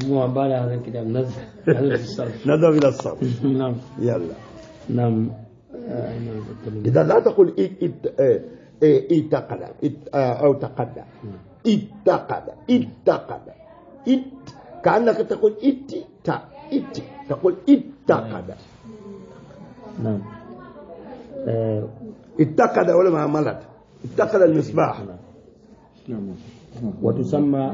المعبالة هذا الكتاب نزل إلى الصرف نذهب إلى الصرف نعم يلا نعم آه، إذا لا تقول إيه، إيه، اتقد آه، أو تقد اتقد اتقد ات كأنك تقول ات تا ات تقول اتقد نعم آه، اتقد ولا ما ملت اتخذ المصباح نعم. وتسمى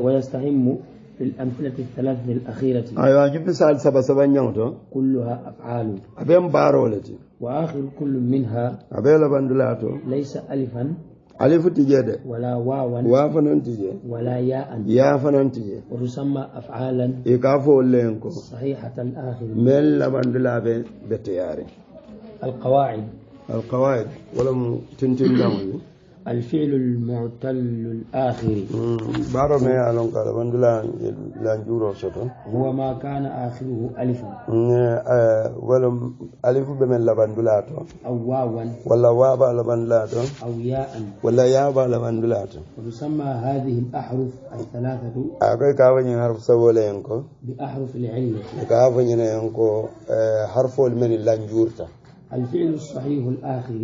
ويستهم في الأمثلة الثلاثة الأخيرة أيوة جبت سال سبا سبا نيوتو كلها أفعال أبين بارولتي وآخر كل منها أبين لبندلاتو ليس ألفا ألف تجد ولا واوا وافا تجد ولا ياء يا تجد وتسمى أفعالا إيكافو لينكو صحيحة الآخر من لبندلا بتياري القواعد القواعد ولم تنتهي دام الفعل المعتل الآخر بارو ما يعلم قال من لا لا نجور هو ما كان آخره ألفا آه، ولم ألف بمن لبن دلاتو أو واوا ولا وابا لبن دلاتو أو ياء ولا يابا لبن دلاتو وتسمى هذه الأحرف الثلاثة أكوي كافن حرف سوولة ينكو بأحرف العلم كافن ينكو آه، حرف من لنجورتا الفعل الصحيح الآخر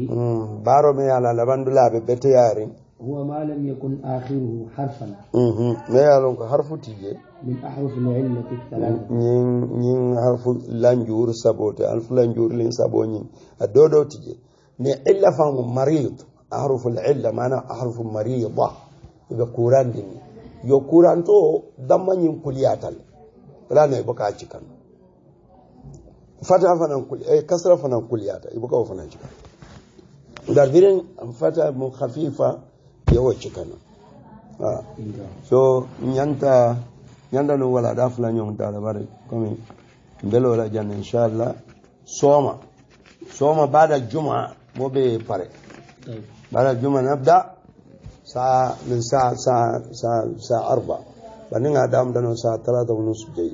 بارو مي على لبان بلا ببتيارين هو ما لم يكن آخره حرفا اها ما يالون حرف تيجي من أحرف العلة الثلاثة نين نين حرف لانجور سابوت حرف لانجور لين سابونين الدودو تيجي مي إلا فهم مريض أحرف العلة معنى أحرف مريضة يبقى قران دي يو قران تو دمان ينقل ياتل لا نيبقى عشكان fata fana kasra fana kulyata ibuka fana cika darbirin fata mu khafifa yawa cikana so nyanta nyanda no wala da fula nyon da da bare komi mbelo la jan inshallah soma soma bada jumaa mo be pare bada jumaa nabda ساعة من ساعة ساعة ساعة, ساعة أربعة بعدين عاد عمدنا ساعة ثلاثة ونصف جاي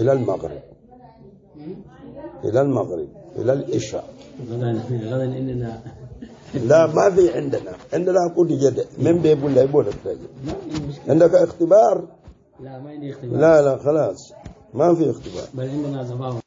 إلى المغرب إلى المغرب إلى العشاء لا ما في عندنا عندنا كل جد من بيقول لا لك عندك اختبار لا ما عندي اختبار لا لا خلاص ما في اختبار بل عندنا زباوة